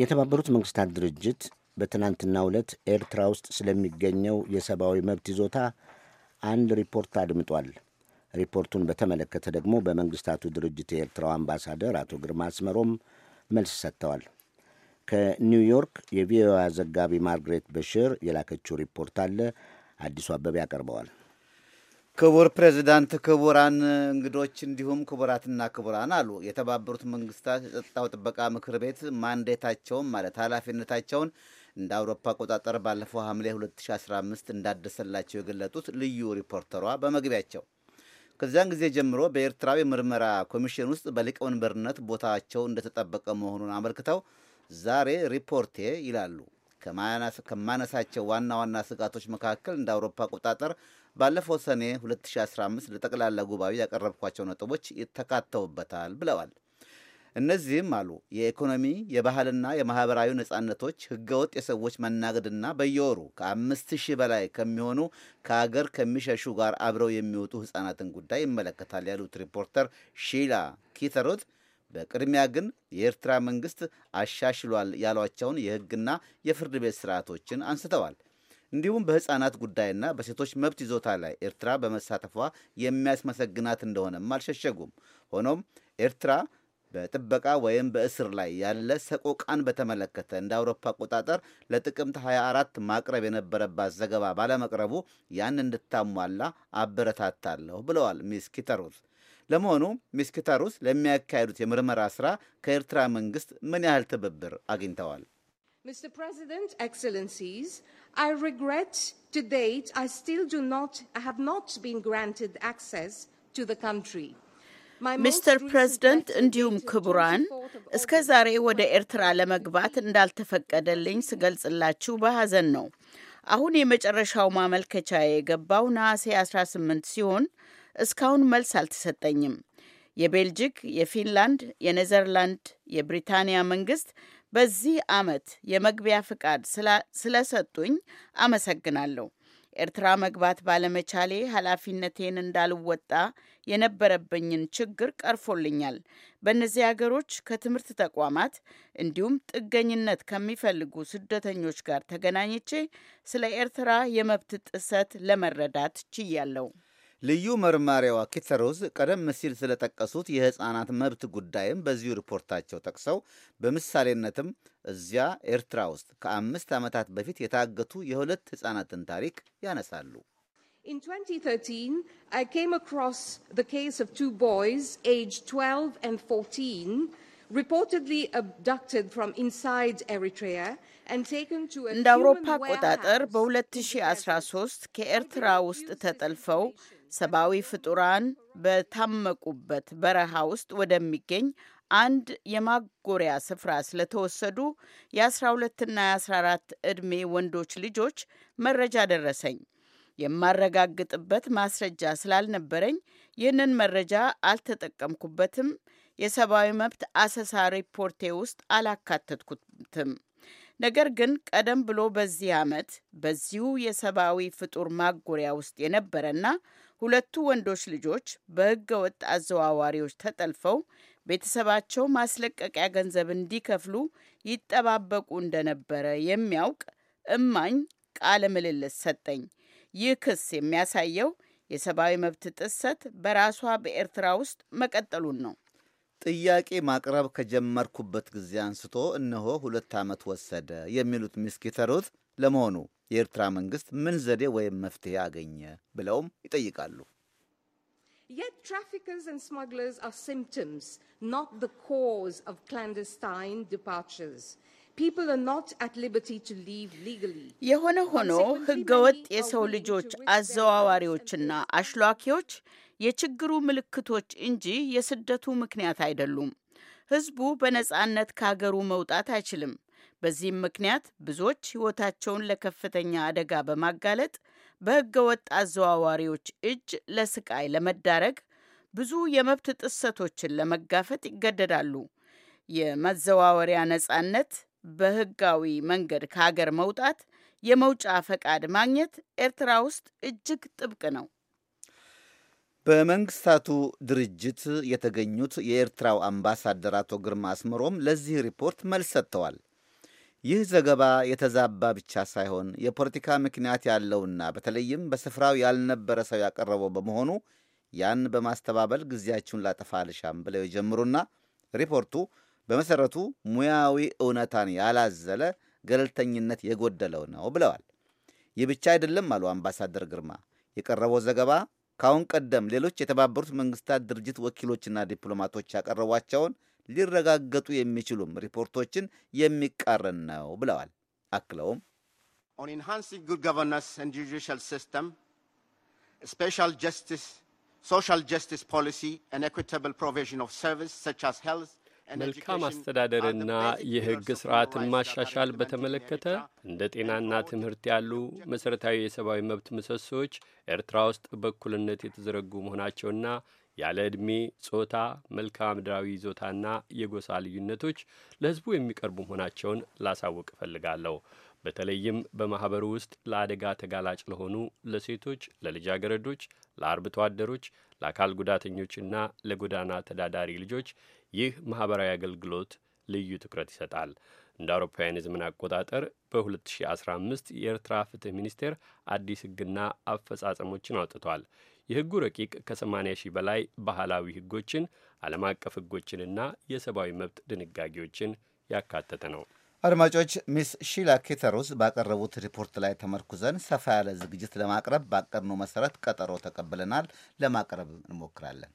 የተባበሩት መንግስታት ድርጅት በትናንትና ዕለት ኤርትራ ውስጥ ስለሚገኘው የሰብአዊ መብት ይዞታ አንድ ሪፖርት አድምጧል። ሪፖርቱን በተመለከተ ደግሞ በመንግስታቱ ድርጅት የኤርትራው አምባሳደር አቶ ግርማ አስመሮም መልስ ሰጥተዋል። ከኒውዮርክ የቪኦኤ ዘጋቢ ማርግሬት በሽር የላከችው ሪፖርት አለ። አዲሱ አበበ ያቀርበዋል። ክቡር ፕሬዚዳንት፣ ክቡራን እንግዶች እንዲሁም ክቡራትና ክቡራን አሉ የተባበሩት መንግስታት የጸጥታው ጥበቃ ምክር ቤት ማንዴታቸውን ማለት ኃላፊነታቸውን እንደ አውሮፓ አቆጣጠር ባለፈው ሐምሌ 2015 እንዳደሰላቸው የገለጡት ልዩ ሪፖርተሯ በመግቢያቸው ከዚያን ጊዜ ጀምሮ በኤርትራዊ ምርመራ ኮሚሽን ውስጥ በሊቀመንበርነት ቦታቸው እንደተጠበቀ መሆኑን አመልክተው ዛሬ ሪፖርቴ ይላሉ ከማነሳቸው ዋና ዋና ስጋቶች መካከል እንደ አውሮፓ አቆጣጠር ባለፈው ሰኔ 2015 ለጠቅላላ ጉባኤ ያቀረብኳቸው ነጥቦች ይተካተውበታል ብለዋል። እነዚህም አሉ የኢኮኖሚ የባህልና የማህበራዊ ነጻነቶች፣ ህገወጥ የሰዎች መናገድና በየወሩ ከአምስት ሺህ በላይ ከሚሆኑ ከሀገር ከሚሸሹ ጋር አብረው የሚወጡ ህጻናትን ጉዳይ ይመለከታል ያሉት ሪፖርተር ሺላ ኪተሮት በቅድሚያ ግን የኤርትራ መንግስት አሻሽሏል ያሏቸውን የህግና የፍርድ ቤት ስርዓቶችን አንስተዋል። እንዲሁም በህፃናት ጉዳይና በሴቶች መብት ይዞታ ላይ ኤርትራ በመሳተፏ የሚያስመሰግናት እንደሆነም አልሸሸጉም። ሆኖም ኤርትራ በጥበቃ ወይም በእስር ላይ ያለ ሰቆቃን በተመለከተ እንደ አውሮፓ አቆጣጠር ለጥቅምት 24 ማቅረብ የነበረባት ዘገባ ባለመቅረቡ ያን እንድታሟላ አበረታታለሁ ብለዋል ሚስ ኪተሩት። ለመሆኑ ሚስክታሩስ ለሚያካሄዱት የምርመራ ስራ ከኤርትራ መንግስት ምን ያህል ትብብር አግኝተዋል? Mr. President, Excellencies, I regret to date I still do not have not been granted access to the country. ሚስተር ፕሬዝደንት እንዲሁም ክቡራን እስከ ዛሬ ወደ ኤርትራ ለመግባት እንዳልተፈቀደልኝ ስገልጽላችሁ በሐዘን ነው። አሁን የመጨረሻው ማመልከቻ የገባው ነሐሴ 18 ሲሆን እስካሁን መልስ አልተሰጠኝም። የቤልጂክ፣ የፊንላንድ፣ የኔዘርላንድ፣ የብሪታንያ መንግስት በዚህ አመት የመግቢያ ፍቃድ ስለሰጡኝ አመሰግናለሁ። ኤርትራ መግባት ባለመቻሌ ኃላፊነቴን እንዳልወጣ የነበረብኝን ችግር ቀርፎልኛል። በእነዚህ ሀገሮች ከትምህርት ተቋማት እንዲሁም ጥገኝነት ከሚፈልጉ ስደተኞች ጋር ተገናኝቼ ስለ ኤርትራ የመብት ጥሰት ለመረዳት ችያለሁ። ልዩ መርማሪዋ ኪተሮዝ ቀደም ሲል ስለጠቀሱት የሕፃናት መብት ጉዳይም በዚሁ ሪፖርታቸው ጠቅሰው በምሳሌነትም እዚያ ኤርትራ ውስጥ ከአምስት ዓመታት በፊት የታገቱ የሁለት ሕፃናትን ታሪክ ያነሳሉ። In 2013, I came across the case of two boys, aged 12 and 14, reportedly abducted from inside Eritrea and taken to a እንደ አውሮፓ አቆጣጠር በ2013 ከኤርትራ ውስጥ ተጠልፈው ሰብአዊ ፍጡራን በታመቁበት በረሃ ውስጥ ወደሚገኝ አንድ የማጎሪያ ስፍራ ስለተወሰዱ የ12ና የ14 ዕድሜ ወንዶች ልጆች መረጃ ደረሰኝ። የማረጋግጥበት ማስረጃ ስላልነበረኝ ይህንን መረጃ አልተጠቀምኩበትም። የሰብአዊ መብት አሰሳ ሪፖርቴ ውስጥ አላካተትኩትም። ነገር ግን ቀደም ብሎ በዚህ ዓመት በዚሁ የሰብአዊ ፍጡር ማጎሪያ ውስጥ የነበረና ሁለቱ ወንዶች ልጆች በሕገ ወጥ አዘዋዋሪዎች ተጠልፈው ቤተሰባቸው ማስለቀቂያ ገንዘብ እንዲከፍሉ ይጠባበቁ እንደነበረ የሚያውቅ እማኝ ቃለ ምልልስ ሰጠኝ። ይህ ክስ የሚያሳየው የሰብአዊ መብት ጥሰት በራሷ በኤርትራ ውስጥ መቀጠሉን ነው። ጥያቄ ማቅረብ ከጀመርኩበት ጊዜ አንስቶ እነሆ ሁለት ዓመት ወሰደ የሚሉት ሚስኪተሩት ለመሆኑ የኤርትራ መንግስት ምን ዘዴ ወይም መፍትሄ አገኘ ብለውም ይጠይቃሉ። የሆነ ሆኖ ህገወጥ የሰው ልጆች አዘዋዋሪዎችና አሽሏኪዎች የችግሩ ምልክቶች እንጂ የስደቱ ምክንያት አይደሉም። ህዝቡ በነጻነት ከሀገሩ መውጣት አይችልም። በዚህም ምክንያት ብዙዎች ሕይወታቸውን ለከፍተኛ አደጋ በማጋለጥ በሕገ ወጥ አዘዋዋሪዎች እጅ ለስቃይ ለመዳረግ ብዙ የመብት ጥሰቶችን ለመጋፈጥ ይገደዳሉ። የመዘዋወሪያ ነጻነት፣ በህጋዊ መንገድ ከሀገር መውጣት፣ የመውጫ ፈቃድ ማግኘት ኤርትራ ውስጥ እጅግ ጥብቅ ነው። በመንግስታቱ ድርጅት የተገኙት የኤርትራው አምባሳደር አቶ ግርማ አስመሮም ለዚህ ሪፖርት መልስ ሰጥተዋል። ይህ ዘገባ የተዛባ ብቻ ሳይሆን የፖለቲካ ምክንያት ያለውና በተለይም በስፍራው ያልነበረ ሰው ያቀረበው በመሆኑ ያን በማስተባበል ጊዜያችሁን ላጠፋ አልሻም ብለው የጀምሩና ሪፖርቱ በመሰረቱ ሙያዊ እውነታን ያላዘለ ገለልተኝነት የጎደለው ነው ብለዋል። ይህ ብቻ አይደለም አሉ አምባሳደር ግርማ። የቀረበው ዘገባ ከአሁን ቀደም ሌሎች የተባበሩት መንግስታት ድርጅት ወኪሎችና ዲፕሎማቶች ያቀረቧቸውን ሊረጋገጡ የሚችሉም ሪፖርቶችን የሚቃረን ነው ብለዋል። አክለውም ኦን ኢንሃንሲንግ ጉድ ጋቨርናንስ ኤንድ ሶሻል ጀስቲስ ፖሊሲ ኤንድ ኤኩታብል ፕሮቪዥን ኦፍ ሰርቪስ ሰች አስ ሄልዝ መልካም አስተዳደርና የሕግ ስርዓትን ማሻሻል በተመለከተ እንደ ጤናና ትምህርት ያሉ መሠረታዊ የሰብአዊ መብት ምሰሶዎች ኤርትራ ውስጥ በእኩልነት የተዘረጉ መሆናቸውና ያለ ዕድሜ፣ ጾታ፣ መልክዓ ምድራዊ ይዞታና የጎሳ ልዩነቶች ለሕዝቡ የሚቀርቡ መሆናቸውን ላሳውቅ እፈልጋለሁ። በተለይም በማኅበሩ ውስጥ ለአደጋ ተጋላጭ ለሆኑ ለሴቶች፣ ለልጃገረዶች፣ ለአርብቶ አደሮች፣ ለአካል ጉዳተኞችና ለጎዳና ተዳዳሪ ልጆች ይህ ማህበራዊ አገልግሎት ልዩ ትኩረት ይሰጣል። እንደ አውሮፓውያን የዘመን አቆጣጠር በ2015 የኤርትራ ፍትህ ሚኒስቴር አዲስ ህግና አፈጻጸሞችን አውጥቷል። የህጉ ረቂቅ ከ80 ሺህ በላይ ባህላዊ ህጎችን፣ ዓለም አቀፍ ህጎችንና የሰብአዊ መብት ድንጋጌዎችን ያካተተ ነው። አድማጮች፣ ሚስ ሺላ ኬተሩስ ባቀረቡት ሪፖርት ላይ ተመርኩዘን ሰፋ ያለ ዝግጅት ለማቅረብ ባቀድነው መሰረት ቀጠሮ ተቀብለናል። ለማቅረብ እንሞክራለን።